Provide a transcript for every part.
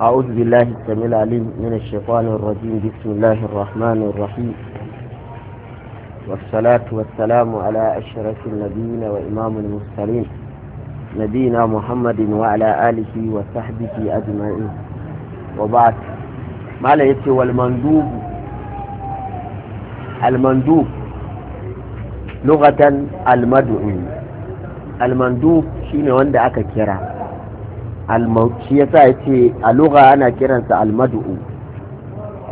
أعوذ بالله السميع العليم من الشيطان الرجيم بسم الله الرحمن الرحيم والصلاة والسلام على أشرف النبيين وإمام المرسلين نبينا محمد وعلى آله وصحبه أجمعين وبعد ما لا يتي والمندوب المندوب لغة المدعو المندوب شيني وندا أكا كيرا shi yasa yace a lugha ana kiransa almad'u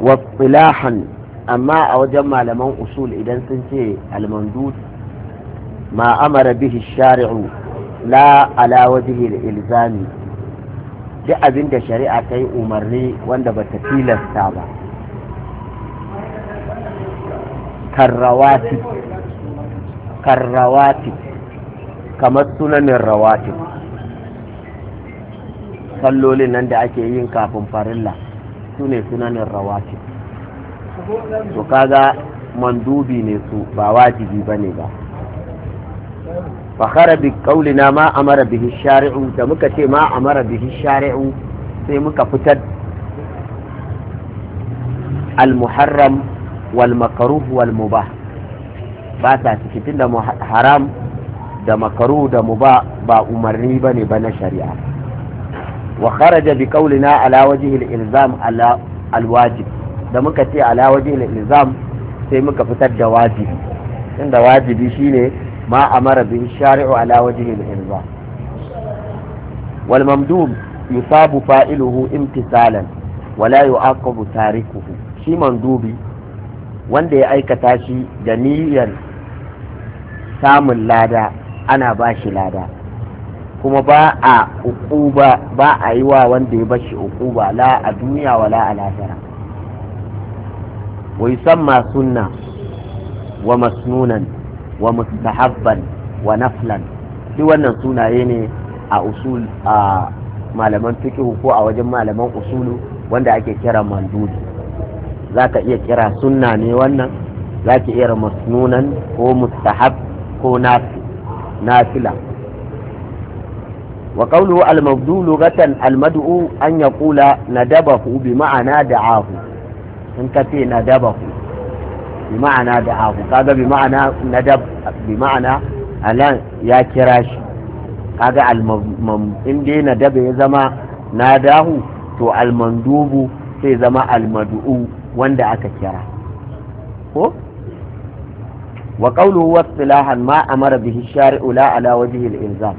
wa istilahan amma a wajen malaman usul idan sun ce almandud ma amara bihi shari'u la ala wajhi ilzami duk abin da shari'a ta yi umarni wanda ba ta tilasta ba karrawati kamar sunanin rawatib sallolin nan da ake yin kafin farilla su ne sunanin rawatib to kaga mandubi ne su ba wajibi ba ne ba fakara bi kaulina ma amara bihi shari'u da muka ce ma amara bihi shari'u sai muka fitar al-muharram wal makaruh wal mubah ba sa cikin da haram da makaru da muba ba umarni bane ba na shari'a wa kharaja bi qawlina ala wajhi al-ilzam da muka ce ala wajhi ilzam sai muka fitar da wajibi inda wajibi shine ma amara bi shari'u ala wajhi ilzam wal mamdum yusabu fa'iluhu imtisalan wala yu'aqabu tarikuhu shi mandubi wanda ya aikata shi da niyyar samun lada ana ba shi lada kuma ba a uquba ba a yi wa wanda ya bashi uquba la a duniya la a lahira wa yusamma sunna wa masnunan wa mustahabban wa naflan duk wannan sunaye ne a usul a malaman fiqh ko a wajen malaman usulu wanda ake kira mandudi zaka iya kira sunna ne wannan zaka iya masnunan ko mustahab ko nafila wa qawluhu al al-mad'u an yaqula nadabahu bi ma'ana bi ma'ana da'ahu kaga bi ma'ana nadab ya kira shi kaga al-mam in dai nadaba ya zama nadahu to al-mandubu sai zama al-mad'u wanda aka kira ko ma a mara shari'u ala wajhi al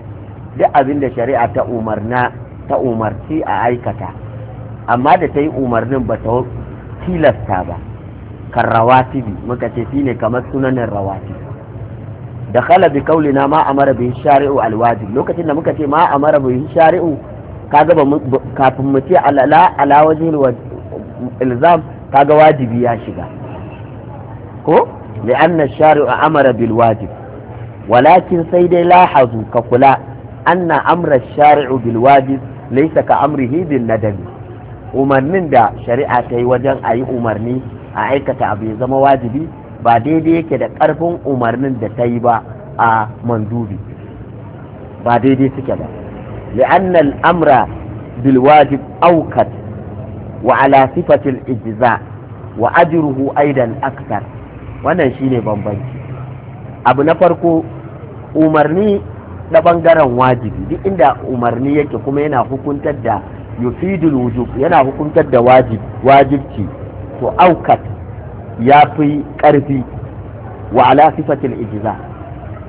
duk abin da shari'a ta umarna ta umarci a aikata amma da ta yi umarnin ba ta tilasta ba kan rawatibi muka ce shine kamar sunanin rawatibi da kala bi na ma amara bi shari'u alwajib lokacin da muka ce ma amara bi shari'u ka ba kafin mu ce alala ala wajhil ilzam kaga wajibi ya shiga ko li'anna shari'u amara bil wajib walakin sai dai lahazu ka kula anna amra shari'u bil wajib laysa ka amrihi bin nadami umarnin da shari'a ta yi wajen a yi umarni a aikata abu ya zama wajibi ba daidai yake da karfin umarnin da ta yi ba a mandubi ba daidai suke ba li'anna al'amra bil wajib aukat wa ala sifatil ijza wa ajruhu aidan aktar wannan shine bambanci abu na farko umarni na bangaren wajibi duk inda umarni yake kuma yana hukuntar da yufidul wujub yana hukuntar da wajibci to aukat ya fi ƙarfi wa ala sifatil ijza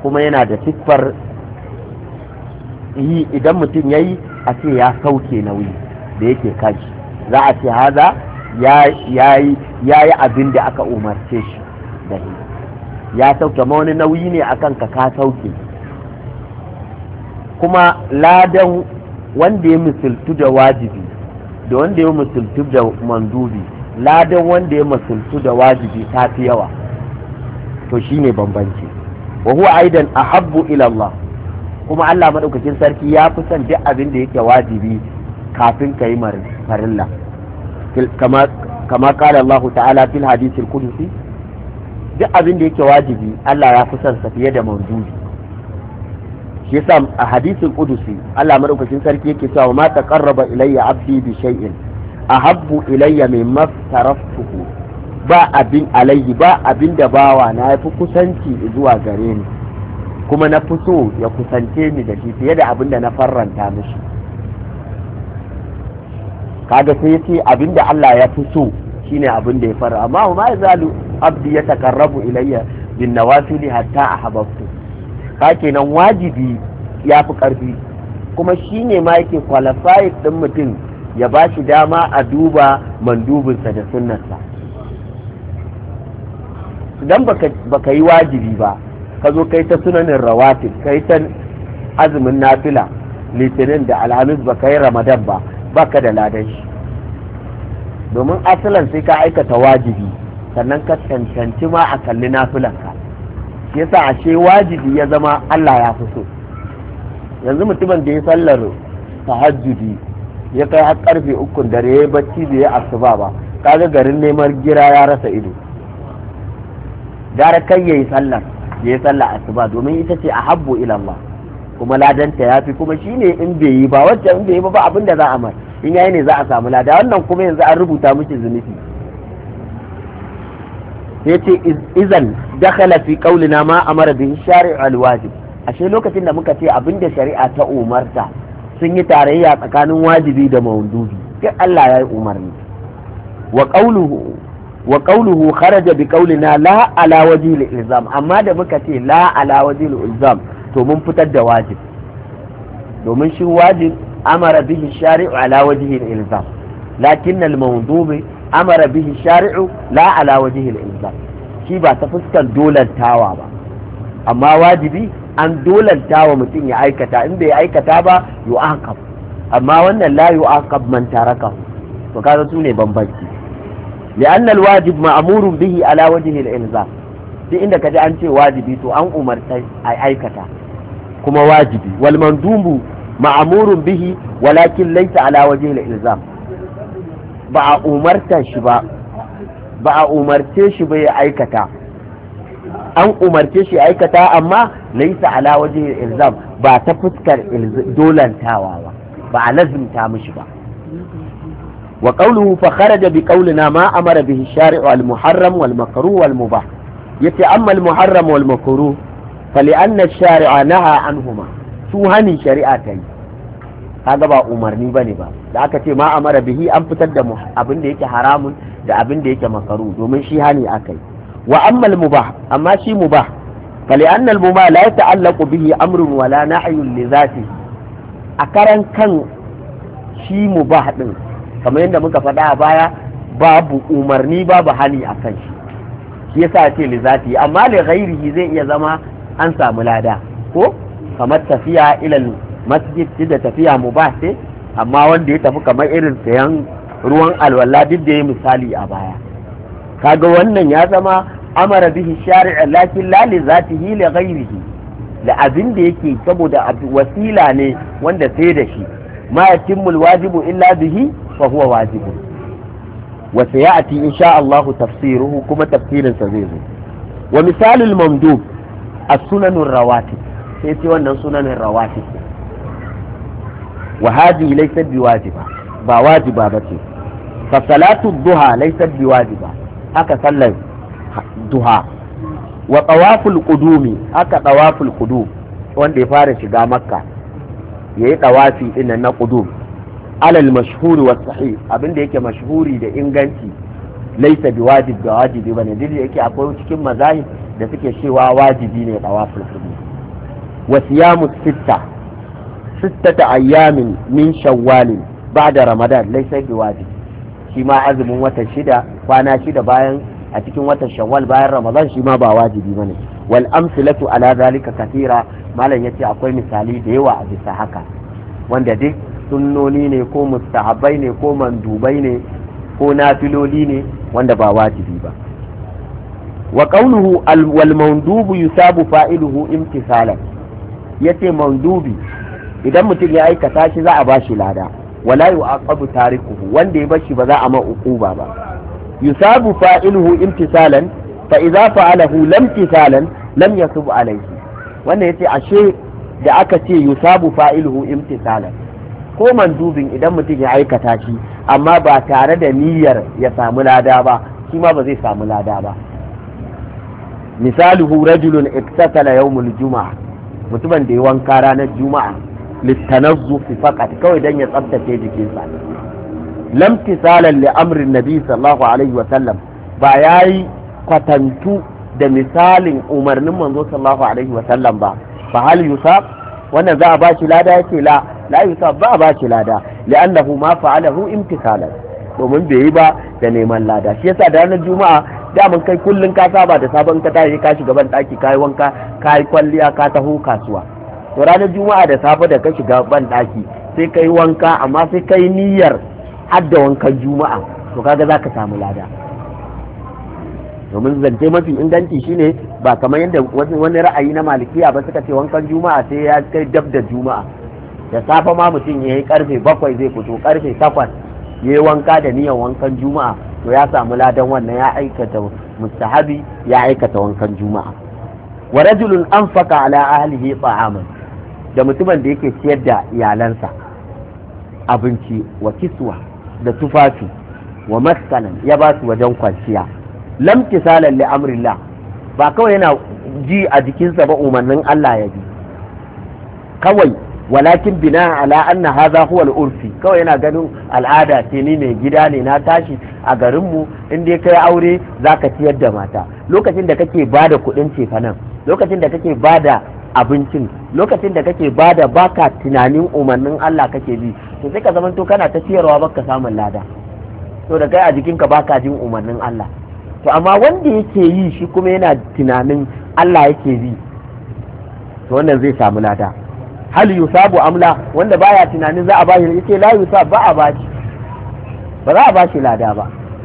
kuma yana da siffar yi idan mutum yayi a ce ya sauke nauyi da yake kashi za a ce haza ya yi abin da aka umarce shi da ya sauke ma wani nauyi ne akan ka ka sauke kuma ladan wanda ya misiltu da wajibi da wanda ya misiltu da mandubi ladan wanda ya misiltu da wajibi ta fi yawa to shi ne bambanci wa huwa aidan a habbu ilallah kuma Allah madaukakin sarki ya fi son duk abin da yake wajibi kafin ka yi farilla kama kala Allah ta'ala fil hadisi kudusi duk abin da yake wajibi Allah ya fi son sa fiye da mandubi shi yasa a hadisin qudusi Allah madaukakin sarki yake cewa ma taqarraba ilayya abdi bi shay'in ahabbu ilayya mimma taraftuhu ba abin alayhi ba abin da bawa na yafi kusanci zuwa gare ni kuma na fi so ya kusance ni da shi fiye da abin da na farranta mishi kaga sai yace abin da Allah ya fi so shine abin da ya fara amma ma zalu abdi ya takarrabu ilayya bin nawafili hatta ahabbtu ka kenan wajibi ya fi ƙarfi kuma shi ne ma yake qualified ɗin mutum ya ba shi dama a duba mandubinsa da sunnarsa idan ka yi wajibi ba ka zo kai ta sunanin rawatin kai ta azumin nafila litinin da alhamis baka yi ramadan ba ba ka da ladan shi domin asalan sai ka aikata wajibi sannan ka cancanci ma a kalli nafilanka shi yasa ashe wajibi ya zama Allah ya fi so yanzu mutumin da ya sallar tahajjudi ya kai har karfe ukun dare ya yi bacci da ya asuba ba kaga garin neman gira ya rasa ido gara kai yayi sallar ya yi sallar asuba domin ita ce a habbu ilallah kuma ladanta ya fi kuma shine in bai yi ba wacce in bai yi ba ba abin da za a mai in yayi ne za a samu lada wannan kuma yanzu an rubuta miki zunubi ce izan dakhala fi qawlina ma amara bihi shari'u alwajib ashe lokacin da muka ce abinda shari'a ta umarta sun yi tarayya tsakanin wajibi da maudubi sai Allah ya yi umarni wa qawluhu wa qawluhu kharaja bi qawlina la ala wajhi ilzam amma da muka ce la ala wajhi ilzam to mun fitar da wajib domin shi wajib amara bihi shari'u ala wajhi ilzam lakin al mawdubi amara bihi shari'u la ala wajhi al shi ba ta fuskan dolantawa ba amma wajibi an dolantawa mutum ya aikata in bai aikata ba yu'aqab amma wannan la yu'aqab man tarakahu to kaga su ne bambanci li'anna al-wajib ma'murun bihi ala wajhi al duk inda kaji an ce wajibi to an umarta a aikata kuma wajibi wal mandubu ma'murun bihi walakin laysa ala ba a umarta shi ba ba a umarce shi ba ya aikata an umarce shi aikata amma laisa ala waje ilzam ba ta fuskar dolantawa ba ba a lazimta mishi ba wa qawluhu fa kharaja bi qawlina ma amara bihi shari'u al muharram wal makruh wal mubah yace amma al muharram wal makruh fa li anna shari'a naha anhuma su hani shari'a ta yi kaga ba umarni bane ba da aka ce ma amara bihi an fitar da abin da yake haramun da abin da yake makaru domin shi hani akai wa ammal mubah amma shi mubah فلأن المباح bihi amrun wala أمر ولا نهي لذاته أكرن كان شي مباح din kamar yadda muka faɗa a baya babu umarni babu hani a kan shi shi yasa ce li zati amma li ghairihi zai iya zama an samu lada ko kamar tafiya ilal masjid da tafiya mubah sai. amma wanda ya tafi kamar irin sayan ruwan alwala duk da ya misali a baya kaga wannan ya zama amara bihi shari'a lakin la li zatihi li ghairihi la abin da yake saboda wasila ne wanda sai da shi ma yatimul wajibu illa bihi fa huwa wajibu wa sayati insha Allah tafsiruhu kuma tafsirin sa zai zo wa misalul mamdub as-sunanur rawatib sai ce wannan sunanin rawatib wa hadhihi laysat biwajiba ba wajiba bace fa salatu duha laysat biwajiba haka sallan duha wa tawaful qudumi haka tawaful qudum wanda ya fara shiga makka yayi tawafi din na qudum alal mashhuri wa sahih abinda yake mashhuri da inganci laisa bi wajib da wajibi bane duk da yake akwai cikin mazahib da suke cewa wajibi ne tawaful qudum wa siyamu sitta sittata ayyamin min shawwalin ba'da ramadan laysa biwajib shi ma azumin wata shida kwana shida bayan a cikin watan shawwal bayan ramadan shi ma ba wajibi bane wal amsilatu ala zalika kathira malam yace akwai misali da yawa a bisa haka wanda duk sunnoni ne ko mustahabbai ne ko mandubai ne ko nafiloli ne wanda ba wajibi ba wa qawluhu wal mandubu yusabu fa'iluhu imtisalan yace mandubi idan mutum ya aikata shi za a shi lada wala yu'aqabu tarikuhu wanda ya bashi ba za a ma uquba ba yusabu fa'iluhu imtisalan fa idza fa'alahu lam tisalan lam yasub alayhi wannan yace ashe da aka ce yusabu fa'iluhu imtisalan ko mandubin idan mutum ya aikata shi amma ba tare da niyyar ya samu lada ba shi ma ba zai samu lada ba misaluhu rajulun iktasala yawmul juma'a mutumin da ya wanka ranar juma'a litanazzufi faqat kawai dan ya tsaftace jikinsa lam tisalan li amrin nabi sallallahu alaihi wa sallam ba yayi kwatantu da misalin umarnin manzo sallallahu alaihi wa sallam ba fa hal yusab wannan za a ba shi lada yake la la yusab ba a ba shi lada li'annahu ma fa'alahu imtisalan domin bai yi ba da neman lada shi yasa da ranar juma'a daman kai kullun ka saba da sabon ka tashi ka shiga ban daki kai wanka kai kwalliya ka taho kasuwa to ranar juma'a da safe da ka shiga ban daki sai kai wanka amma sai kai niyyar hadda wankan juma'a to kaga za ka samu lada domin zance mafi inganci shine ba kamar yadda wani ra'ayi na malikiya ba suka ce wankan juma'a sai ya kai dab da juma'a da safe ma mutum ya yi karfe bakwai zai fito karfe takwas ya yi wanka da niyyar wankan juma'a to ya samu ladan wannan ya aikata mustahabi ya aikata wankan juma'a wa rajulun anfaqa ala ahlihi ta'aman da mutumin da yake ciyar da iyalansa abinci wa kiswa da tufafi wa maskanan ya ba su wajen kwanciya lamti tisalan li ba kawai yana ji a jikinsa ba umarnin Allah ya ji. kawai walakin bina ala anna hadha huwa al-urfi kawai yana ganin al'ada ce ni mai gida ne na tashi a garinmu in dai kai aure zaka ciyar da mata lokacin da kake bada kuɗin cefanan lokacin da kake bada abincin lokacin da kake bada baka tunanin umarnin Allah kake bi to sai ka to kana ta ciyarwa baka samun lada to da kai a jikinka baka jin umarnin Allah to amma wanda yake yi shi kuma yana tunanin Allah yake bi to wannan zai samu lada hal yusabu amla wanda baya tunanin za a bashi yake la yusab ba a bashi ba za a bashi lada ba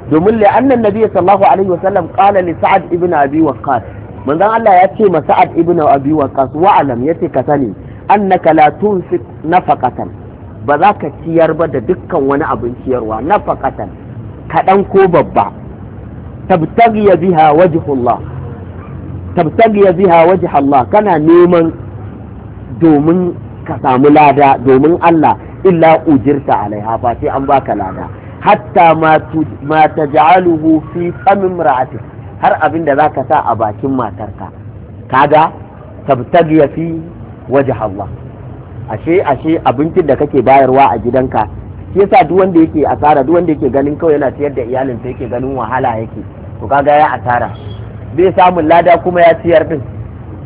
domin li annan nabiy sallallahu alaihi wasallam qala li sa'ad ibn abi waqqas manzon Allah ya ce ma Sa'ad ibn Abi Waqqas wa alam yace ka sani annaka la tunfiq nafaqatan ba za ka ciyar ba da dukkan wani abin ciyarwa nafaqatan kaɗan ko babba tabtaghiya biha wajhullah tabtaghiya biha wajh Allah kana neman domin ka samu lada domin Allah illa ujirta alaiha fa sai an baka lada hatta ma ta taj'aluhu fi famim ra'atik har abin da za ka sa a bakin matarka kaga tabtagiya fi waje Allah ashe ashe abincin da kake bayarwa a gidanka shi yasa duk wanda yake asara duk wanda yake ganin kawai yana ciyar da iyalinsa yake ganin wahala yake to kaga ya asara bai samun lada kuma ya ciyar din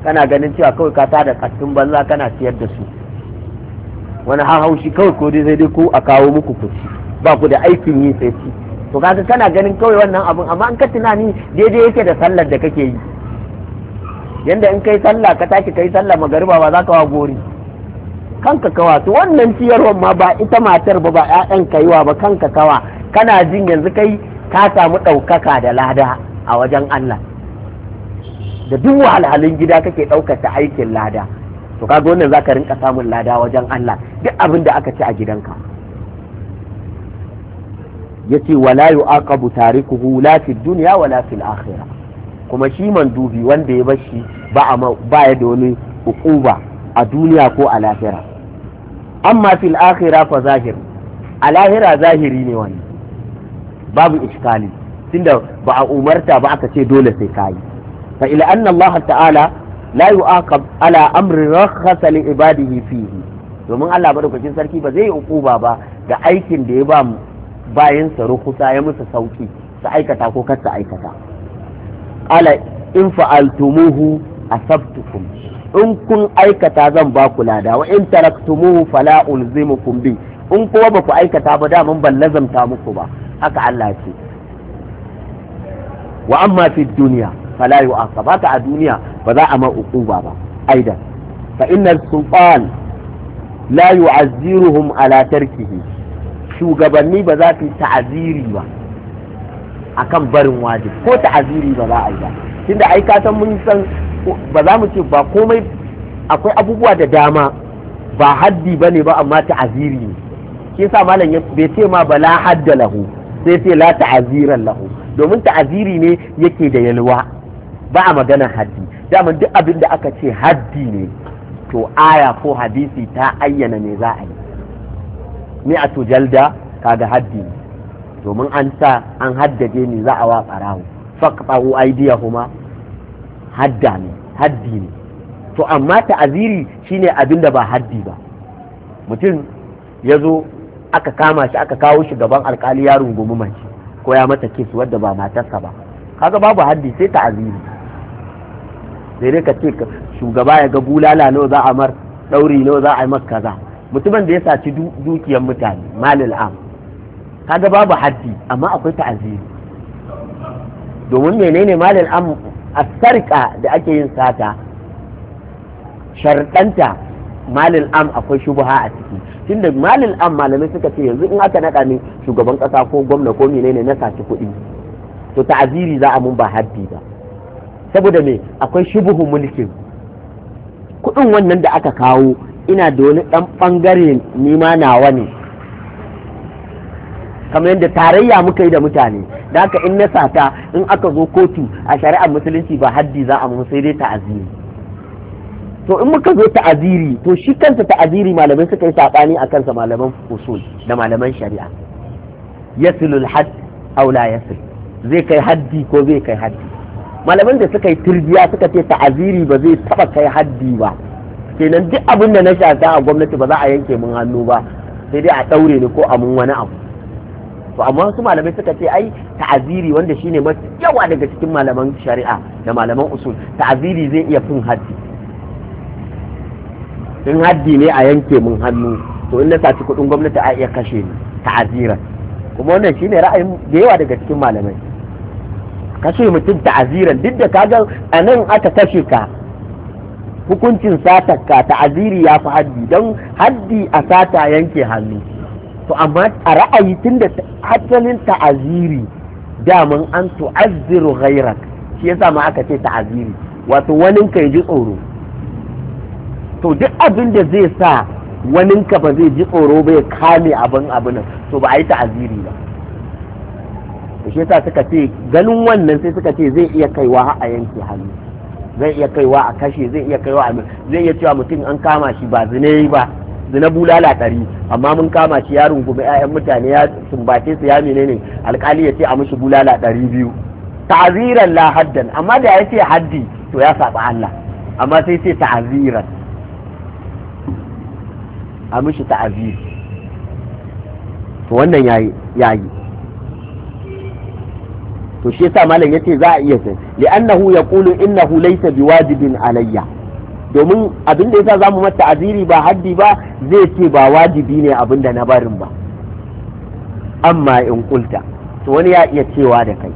kana ganin cewa kawai ka tada kattun banza kana ciyar da su wani haushi kawai ko dai sai dai ko a kawo muku kuci ba ku da aikin yi sai ci to kaga kana ganin kawai wannan abun amma in ka tunani daidai yake da sallar da kake yi yanda in kai sallah ka tashi kai sallah magariba ba za ka wa gori kanka kawa to wannan ciyarwar ma ba ita matar ba ba ƴaƴan kaiwa ba kanka kawa kana jin yanzu kai ka samu ɗaukaka da lada a wajen Allah da duk wahalhalun gida kake ɗaukata aikin lada to kaga wannan zaka rinka samun lada wajen Allah duk abin da aka ci a gidanka yace aka yu'aqabu tarikuhu hu fid duniya wala fil kuma shi man dubi wanda ya bar shi ba ba ya da wani hukuba a duniya ko a lahira amma fil akhirah fa zahir a lahira zahiri ne wani babu iskali tunda ba a umarta ba aka ce dole sai kayi fa ila anna Allah ta'ala la yu'aqab ala amri rakhasa li ibadihi fihi domin Allah madaukakin sarki ba zai yi ukuba ba ga aikin da ya ba bayansa kusa ya musu sauki su aikata ko kar su aikata ala in fa'altumuhu asabtukum in kun aikata zan ba ku lada wa in taraktumuhu fala ulzimukum bi in kuma ba ku aikata ba da mun ban lazamta muku ba haka Allah ce wa amma fi duniya fala yu'aqab haka a duniya ba za a ma uquba ba aidan fa inna sultan la yu'azziruhum ala tarkihi shugabanni ba za su ta'aziri ba a kan barin wajibi ko ta'aziri ba za a yi ba tun da aikatan mun san ba za mu ce ba komai akwai abubuwa da dama ba haddi ba ne ba amma ta'aziri ne shi yasa malam bai ce ma ba la hadda lahu sai sai la ta'aziran lahu domin ta'aziri ne yake da yalwa ba a maganar haddi dama duk abin da aka ce haddi ne to aya ko hadisi ta ayyana ne za a yi mi'atu jalda kaga haddi domin an sa an haddade ni za a wa barawo faqta'u aydiyahuma hadda ne haddi ne to amma ta'aziri shine abin da ba haddi ba mutum ya zo aka kama shi aka kawo shi gaban alkali ya rungumi mace ko ya mata kes wadda ba matarsa ba kaga babu haddi sai ta'aziri sai dai ka ce shugaba ya ga bulala nawa za a mar ɗauri nawa za a yi maka kaza mutumin da ya saci dukiyar mutane malil am kaga babu haddi amma akwai ta'aziri domin menene malil am a sarka da ake yin sata sharɗanta malil am akwai shubuha a ciki tun da malil am malamai suka ce yanzu in aka naɗa ni shugaban ƙasa ko gwamna ko menene na saci kuɗi to ta'aziri za a mun ba haddi ba saboda me akwai shubuhu mulkin kuɗin wannan da aka kawo ina da wani ɗan ɓangare nima nawa ne kamar yadda tarayya muka yi da mutane da haka in na sata in aka zo kotu a shari'ar musulunci ba haddi za a sai dai ta'aziri to in muka zo ta'aziri to shi kansa ta'aziri malamai suka yi saɓani a kansa malaman usul da malaman shari'a yasilul had aw la yasil zai kai haddi ko zai kai haddi malaman da suka yi turbiya suka ce ta'aziri ba zai taɓa kai haddi ba kenan duk abin da na shata a gwamnati ba za a yanke mun hannu ba sai dai a ɗaure ni ko a mun wani abu to amma wasu malamai suka ce ai ta'aziri wanda shine mafi yawa daga cikin malaman shari'a da malaman usul ta'aziri zai iya fin haddi in haddi ne a yanke mun hannu to in na saci kuɗin gwamnati a iya kashe ni ta'azira kuma wannan shine ra'ayin da yawa daga cikin malamai kashe mutum ta'aziran duk da kaga a nan aka kashe ka hukuncin ta ta'aziri ya fi haddi don haddi a sata yanke hannu to amma a ra'ayi tunda ta ta'aziri daman an tu'azziru ghairak shi yasa ma aka ce ta'aziri wato wanin ka ji tsoro to duk abin da zai sa wanin ka ba zai ji tsoro ba ya kame abin abin to ba a yi ta'aziri ba to shi suka ce ganin wannan sai suka ce zai iya kaiwa a yanke hannu zai iya kaiwa a kashe zai iya kaiwa a zai iya cewa mutum an kama shi ba zine ba zina bulala ɗari amma mun kama shi ya rungumi 'ya'yan mutane ya sumbace su ya menene alkali ya ce a mushi bulala ɗari biyu ta'aziran la haddan amma da ya ce haddi to ya saba Allah amma sai ce ta'aziran a mushi ta'azir to wannan yayi yayi to shi yasa malam yace za a iya sai li'annahu yaqulu innahu laysa biwajibin alayya domin abin da yasa zamu mata aziri ba haddi ba zai ce ba wajibi ne abin da na barin ba amma in kulta to wani ya iya cewa da kai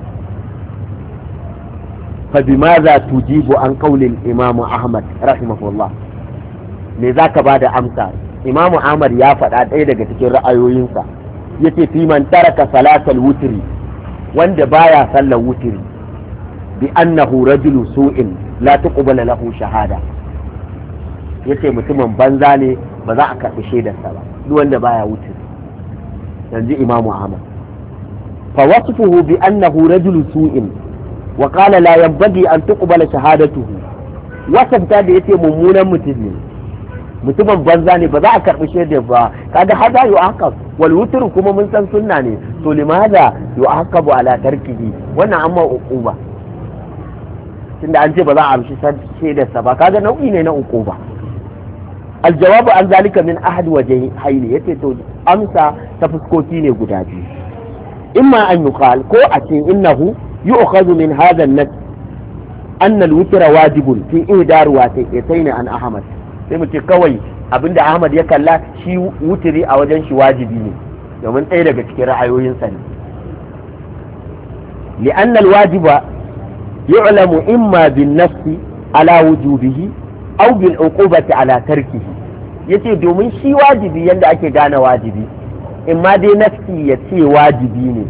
fa bimaza tujibu an qaulil imam ahmad rahimahullah me zaka bada amsa imamu ahmad ya faɗa ɗaya daga cikin ra'ayoyinsa yace fi man taraka salatal wutri wanda baya sallar wutiri bi annahu rajulu su'in la tuqbala lahu shahada yace mutumin banza ne ba za a karbi shaidarsa ba duk wanda baya wutiri yanzu Imam ahmad fa wasfuhu bi annahu rajulu su'in wa qala la yanbaghi an tuqbala shahadatuhu wasafta da yace mummunan mutum ne mutumin banza ne ba za a karɓi shaidar ba kaga hada yu aqab kuma mun san sunna ne to limaza yu aqabu ala tarkihi wannan amma uquba an ce ba za a amshi sa ba kaga nau'i ne na uquba al jawabu an zalika min ahad wajen hayni yace to amsa ta fuskoki ne guda biyu imma an yuqal ko a ce innahu yu'khadhu min hadha an-nas anna al-witra wajibun fi ihdaru wa tayyitayn an ahmad sai mu ce kawai abinda ahmad ya kalla shi wuturi a wajen shi wajibi ne domin ɗaya daga cikin sa ne li'an alwajiba yu'lamu imma bin nafsi ala wujubihi aw bil uqubati ala tarkihi yace domin shi wajibi yanda ake gane wajibi imma dai nafsi ya ce wajibi ne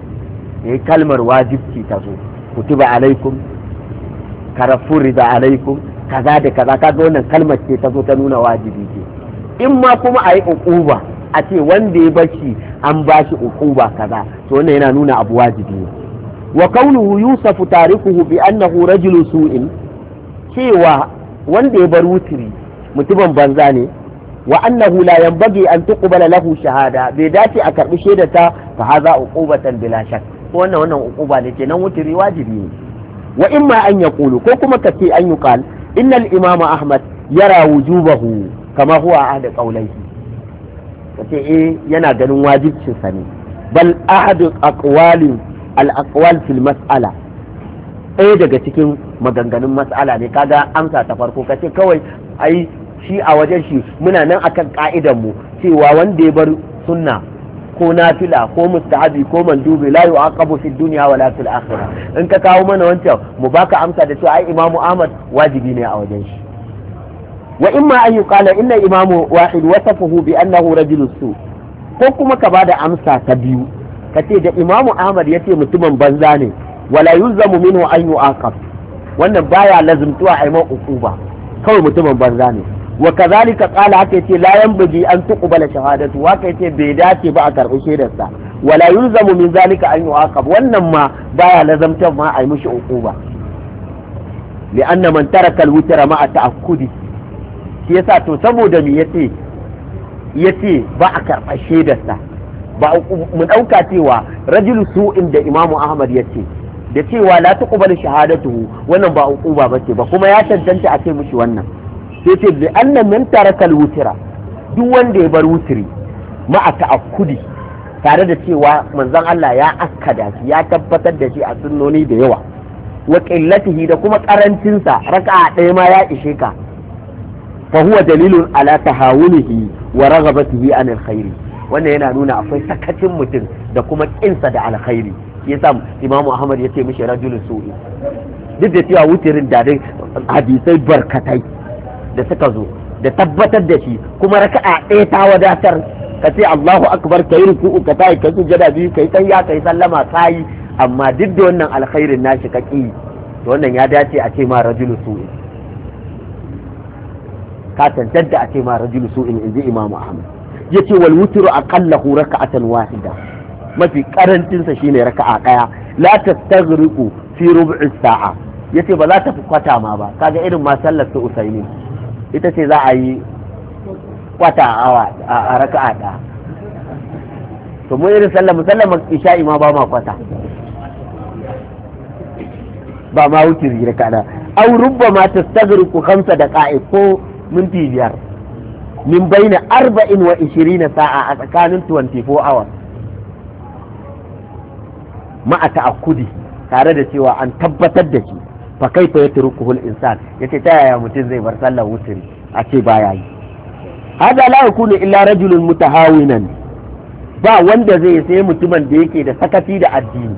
yayi kalmar wajibci ta zo kutuba alaikum karafuri alaikum kaza da kaza ka ga wannan kalmar ce ta zo ta nuna wajibi ce in ma kuma a yi uquba a ce wanda ya bashi an ba shi uquba kaza to wannan yana nuna abu wajibi ne wa kaunuhu yusafu tarikuhu bi annahu rajulu su'in cewa wanda ya bar wutiri mutumin banza ne wa annahu la yanbaghi an tuqbala lahu shahada bai dace a karbi shaida ta fa hadha uqubatan bila shak wannan wannan uquba ne kenan wutiri wajibi ne wa imma an yaqulu ko kuma kace an yuqal innal imamu ahmad yara wujubahu kama huwa ahad qawlaihi kace eh yana ganin wajibcin sa ne bal ahad aqwalin al aqwal fil mas'ala ɗaya daga cikin maganganun mas'ala ne kaga amsa ta farko kace kawai ai shi a wajen shi muna nan akan ka'idan mu cewa wanda ya bar sunna ko nafila ko musta'abi ko mandubi la yu'aqabu fi dunya wala fil akhirah in ka kawo mana wancan mu baka amsa da cewa ai imamu ahmad wajibi ne a wajen shi wa imma an yuqala inna imamu wahid wasafahu bi annahu rajulus su ko kuma ka bada amsa ta biyu ka ce da imamu ahmad ya ce mutumin banza ne wala yulzamu minhu an yu'aqab wannan baya lazumtuwa a yi ba kawai mutumin banza ne wa kazalika qala haka yace la yanbaji an tuqbala shahadatu haka yace bai dace ba a karbi shaidar sa wala yulzamu min zalika an yu'aqab wannan ma baya lazamtan ma a ai mushi uquba li anna man taraka al-witra ma'a ta'akkudi shi yasa to saboda me yace yace ba a karba shaidar sa ba mu dauka cewa rajulu su'in da imamu ahmad yace da cewa la tuqbalu shahadatu. wannan ba uquba bace ba kuma ya tantance a ce mushi wannan sai ce bi annan min tarakal wutira duk wanda ya bar wutiri a ta'akkudi tare da cewa manzon Allah ya akkada shi ya tabbatar da shi a sunnoni da yawa wa qillatihi da kuma karancin sa raka'a ɗaya ma ya ishe ka fa huwa dalilun ala tahawunihi wa raghabatihi an alkhairi wannan yana nuna akwai sakacin mutum da kuma kinsa da alkhairi yasa imamu ahmad ya ce mishi rajulun su'i duk da cewa wutirin da hadisai barkatai da suka zo da tabbatar da shi kuma raka'a ɗaya ta wadatar ka ce Allahu akbar kai ruku'u ka tayi kai sujada biyu kai tayya kai sallama kai amma duk da wannan alkhairin nashi ka ki to wannan ya dace a ce ma rajulu su'i ka da a ce ma rajulu su'in ji Imam Ahmad yace wal wutru aqallahu raka'atan wahida mafi sa shine raka'a daya la tastaghriqu fi rub'i sa'a yace ba za ta fi kwata ma ba kaga irin ma sallar su Usaini. ita ce za a yi kwata awa a raka'a ɗaya to mu irin sallama sallama isha'i ma ba ma kwata ba ma wuce da kana au rubba ma tastagriqu da daqa'iq ko minti biyar min baina arba'in wa ishirina sa'a a tsakanin 24 hours ma'a ta'akkudi tare da cewa an tabbatar da shi fa kaifa yatrukuhu al-insan yace ta yaya mutum zai bar sallar wuturi a ce baya yi hada la yakunu illa rajulun mutahawinan ba wanda zai sai mutumin da yake da sakati da addini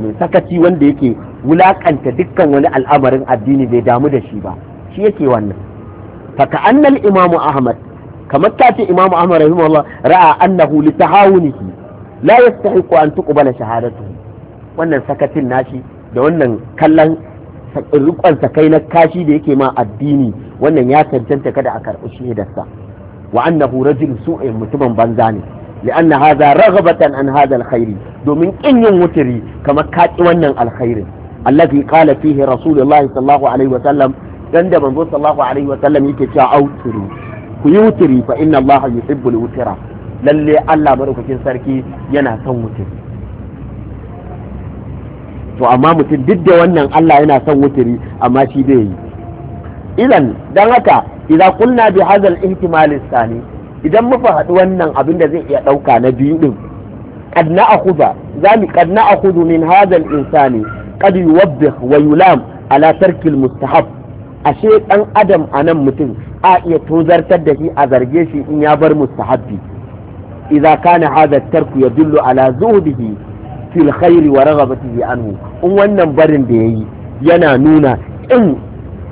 mai sakaci wanda yake wulakanta dukkan wani al'amarin addini bai damu da shi ba shi yake wannan fa ka annal imamu ahmad kamar ta ce imamu ahmad rahimahullah ra'a annahu li tahawunihi la yastahiqu an tuqbala shahadatuhu wannan sakacin nashi da wannan kallon rikon kai na kashi da yake ma addini wannan ya cancanta kada a karɓi shaidarsa wa annahu rajul su'in mutumin banza ne لأن هذا رغبة عن هذا الخير دومين إن يموتري كما كات ونن الخير الذي قال فيه رسول الله صلى الله عليه وسلم عند من صلى الله عليه وسلم يكتا أوتري كيوتري فإن الله يحب الوترة للي ألا مروك كين سركي ينا سوتري to amma mutum duk da wannan Allah yana son wuturi amma shi bai yi idan dan haka idan kunna bi hazal ihtimal sani idan muka haɗu wannan abin da zai iya ɗauka na biyu din qad na'khudha za mu qad min hazal insani qad yuwabbih wa yulam ala tarki mustahab ashe dan adam anan mutum a iya tozartar da shi a zarge shi in ya bar mustahabbi idza kana hadha tarku yadullu ala zuhdihi fil khairi wa raghabatihi anhu in wannan barin da yayi yana nuna in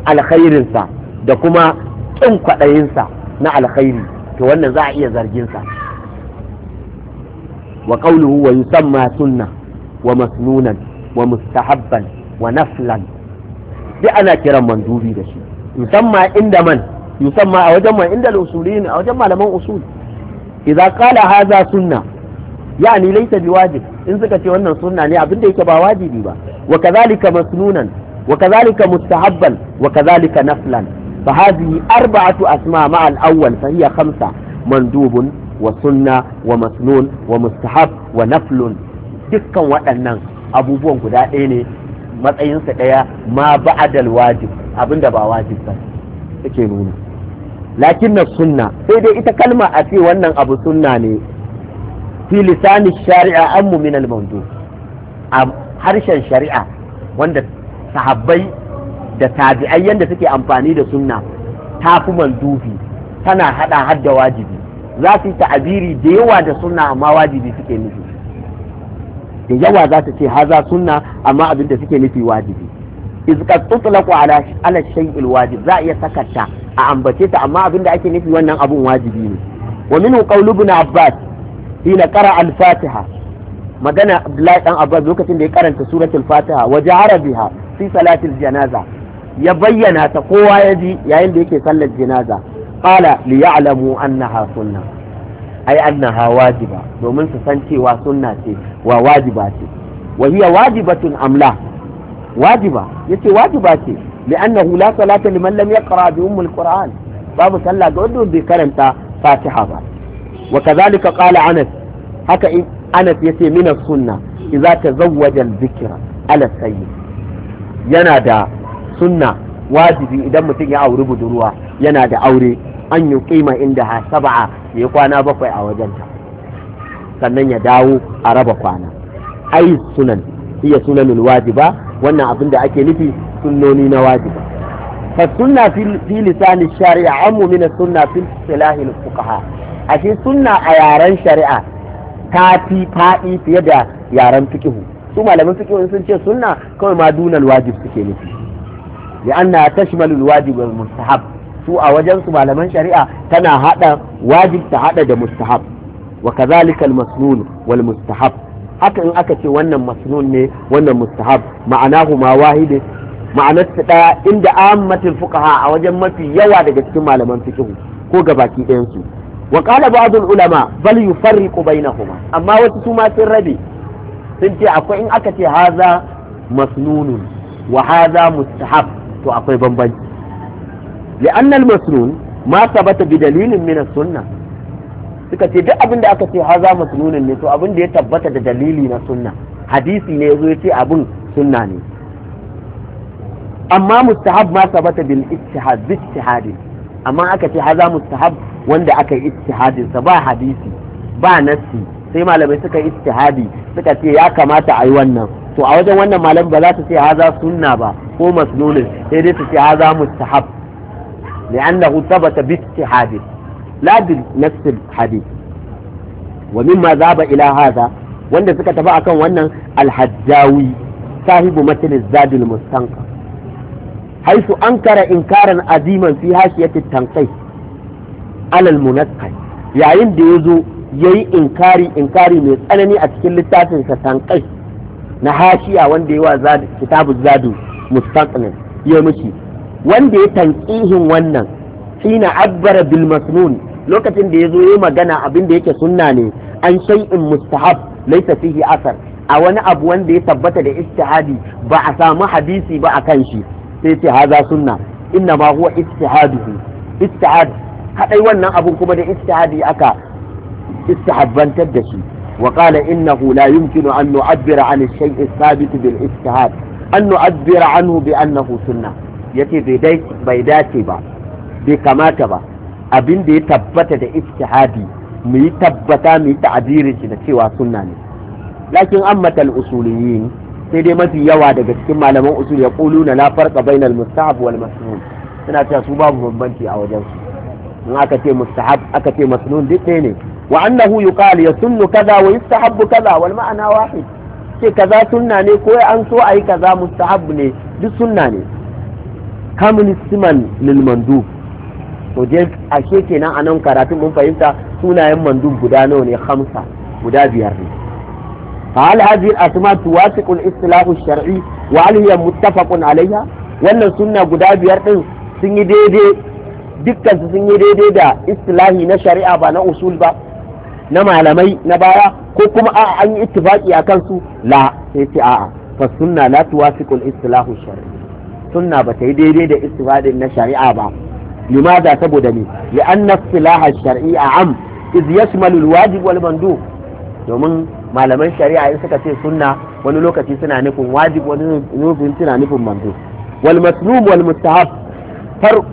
alkhairinsa da kuma kin kwaɗayinsa na alkhairi to wannan za a iya zarginsa wa qawluhu wa yusamma sunna wa masnunan wa mustahabban wa naflan duk ana kiran mandubi da shi yusamma inda man yusamma a wajen man inda usuliyin a wajen malaman usul idza qala hadha sunna yani laita bi wajib in suka ce wannan sunna ne abinda yake ba wajibi ba wa kadhalika masnunan wa kadhalika mustahabban wa kadhalika naflan fa hadhihi arba'atu asma ma al awwal fa hiya khamsa mandubun wa sunna wa masnun wa mustahab wa naflun dukkan waɗannan abubuwan guda ɗaya ne matsayinsa ɗaya ma ba'adal wajib abinda ba wajib ba take nuna lakin na sunna sai dai ita kalma a wannan abu sunna ne fi lisani shari'a an min al a harshen shari'a wanda sahabbai da tabi'ai yadda suke amfani da sunna ta fi mandubi tana hada hadda wajibi za su yi ta'abiri da yawa da sunna amma wajibi suke nufi da yawa za ta ce haza sunna amma abin da suke nufi wajibi iz qad tutlaqu ala ala shay'il wajib za iya sakata a ambace ta amma abin da ake nufi wannan abun wajibi ne wa minhu qawlu ibn abbas hina kara al-fatiha magana Abdullahi dan Abbas lokacin da ya karanta suratul Fatiha wa ja'ara biha fi janaza ya bayyana ta kowa ya ji yayin da yake sallar janaza qala li ya'lamu annaha sunna ai annaha wajiba domin su san cewa sunna ce wa wajiba ce wa hiya wajibatun amla wajiba yace wajiba ce li'annahu la salata liman lam yaqra bi ummul babu sallah ga wanda bai karanta Fatiha ba wa kazalika qala anas haka in ya ce min sunna idza tazawwaja al-dhikra ala sayyid yana da sunna wajibi idan mutum ya auri budurwa yana da aure an yi inda ha saba'a ya kwana bakwai a wajenta sannan ya dawo a raba kwana ai sunan iya sunanul wajiba wannan abin da ake nufi sunnoni na wajiba fa sunna fi lisani shari'a ammu min sunna fi silahil fuqaha ashe sunna a yaren shari'a ta fi faɗi fiye da yaren fikihu su malamin fikihu sun ce sunna kawai ma dunal wajib suke nufi ya anna tashmalul wajib wal mustahab su a wajen su malaman shari'a tana hada wajib ta hada da mustahab wa kazalika al masnun wal mustahab haka in aka ce wannan masnun ne wannan mustahab ma'anahu ma wahide ma'anar su daya inda ammatul fuqaha a wajen mafi yawa daga cikin malaman fikihu ko gabaki ɗayan su wa qala ba'd ulama bal yufarriqu bainahuma amma wasu su ma sun rabe sun ce akwai in aka ce haza masnunun wa haza mustahab to akwai bambanci li'anna masnun ma sabata bi dalilin min as suka ce duk abin aka ce haza masnunin ne to abin ya tabbata da dalili na sunna hadisi ne yazo abin ne amma mustahab ma sabata amma aka ce haza mustahab wanda aka yi ijtihadin sa ba hadisi ba nassi sai malamai suka yi ittihadi suka ce ya kamata a yi wannan to a wajen wannan malam ba za ta ce haza sunna ba ko masnunin sai dai su ce haza mustahab li'annahu thabata bi ijtihadi la bi nassi hadith wa mimma zaba ila haza wanda suka tafi akan wannan al-hajjawi sahibu matin zadul mustanqa haisu ankara inkaran aziman fi hashiyati tankai alal munaqqai yayin da yazo yayi inkari inkari mai tsanani a cikin littafinsa, tankai na hashiya wanda yawa kitabu zadu mustaqnin ya mishi wanda ya tanqihin wannan na abbara bilmasnun lokacin da ya zo yayi magana abin da yake sunna ne an in mustahab laysa fihi asar a wani abu wanda ya tabbata da istihadi ba a samu hadisi ba a kan shi sai ce haza sunna inna ma huwa istihaduhu istihad kadai wannan abun kuma da istihadi aka istihabbantar da shi wa qala innahu la yumkinu an nu'abbira an ash-shay'i thabit bil istihad an nu'abbira anhu bi annahu sunna yace bai bai dace ba bai kamata ba abin da ya tabbata da istihadi mu yi tabbata mu yi ta'abirin shi da cewa sunna ne lakin ammatal usuliyin sai dai mafi yawa daga cikin malaman usul ya kulu na la farqa bainal mustahab wal masnun suna cewa su babu bambanci a wajen su in aka ce mustahab aka ce masnun duk ɗaya ne wa annahu yuqal yasunnu kaza wa yustahabbu kaza wal ma'ana wahid ce kaza sunna ne ko an so ayi kaza mustahab ne duk sunna ne kamul siman lil mandub to je ashe kenan anan karatun mun fahimta sunayen mandub guda nawa ne hamsa guda biyar ne هل هذه الأسماء توافق الاصطلاح الشرعي وهل هي متفق عليها wannan sunna guda biyar din sun yi daidai dukkan su sun yi daidai da istilahi na shari'a ba na usul ba na malamai na baya ko kuma a an yi ittifaqi akan su la sai ce a'a fa sunna la tuwafiqu al-istilah shari sunna ba ta yi daidai da istifadin na shari'a ba limaza saboda ne li anna shari am iz yashmalu al-wajib domin malaman shari'a in suka ce sunna wani lokaci suna nufin wajib wani nufin suna nufin mandu wal matlub wal mustahab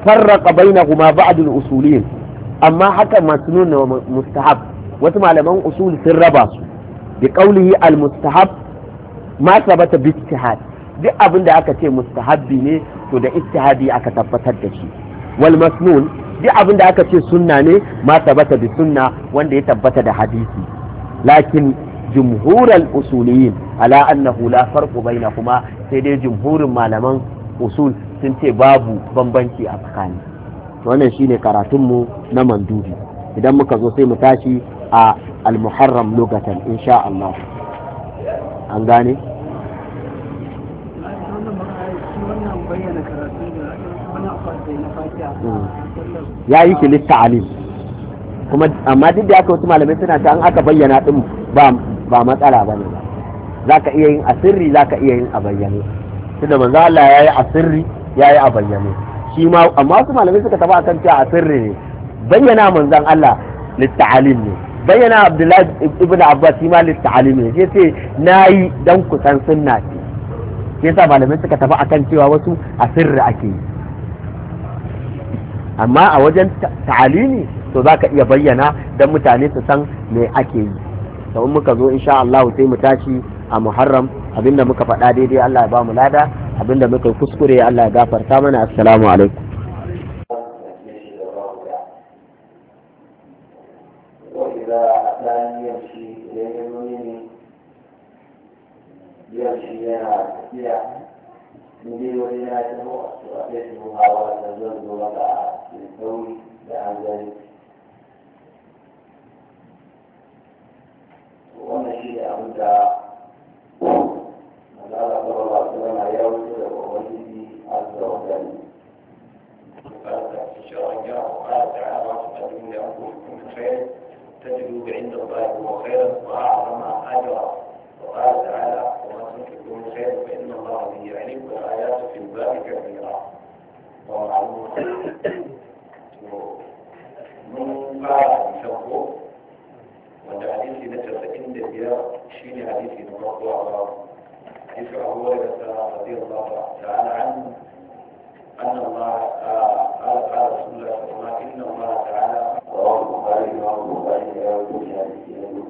farraqa bainahuma ba'd al usuliyin amma haka masnun wa mustahab wasu malaman usul sun raba su bi qawlihi al mustahab ma sabata bi ijtihad duk abin da aka ce mustahabbi ne to da ijtihadi aka tabbatar da shi wal masnun duk abin da aka ce sunna ne ma sabata bi sunna wanda ya tabbata da hadisi lakin jumhuran usuliyin ala annahu la farqu sai dai jumhurin malaman usul sun ce babu bambanci a tsakani wannan shine karatunmu na mandubi idan muka zo sai mu tashi a al lokacin lugatan insha Allah an gane ya yi ki litta'alim kuma amma duk da aka wasu malamai suna ta an aka bayyana din ba ba matsala bane ba zaka iya yin asirri zaka iya yin a bayyane tunda manzo Allah yayi asirri yayi a bayyane shi ma amma wasu malamai suka taba akan cewa asirri ne bayyana manzon Allah litta'alim ne bayyana Abdullahi ibn Abbas shi ma litta'alim ne sai ce nayi dan kusan sunna ce sai sa malamai suka tafi akan cewa wasu asirri ake yi amma a wajen ta'alimi to za ka iya bayyana don mutane su san me ake yi to in muka zo in sha Allah sai mu tashi a Muharram abinda muka faɗa daidai Allah ya ba mu lada abinda muka kuskure Allah ya gafarta mana assalamu alaikum wannan shi ne abin da Allah ta ba su zama ya wuce da ubangiji azza wa jalla فإن شاء الله تعالى تقدم لأنفسكم الخير تجدوا عند الله هو خيرا وأعظم أجرا وقال تعالى وما تنفقوا من خير فإن الله به عليم والآيات في الباب كثيرة ومعلوم الموضوع على حيث أبو هريرة رضي الله تعالى عنه أن الله قال قال رسول الله صلى الله عليه وسلم إن الله تعالى رواه البخاري رواه البخاري رواه البخاري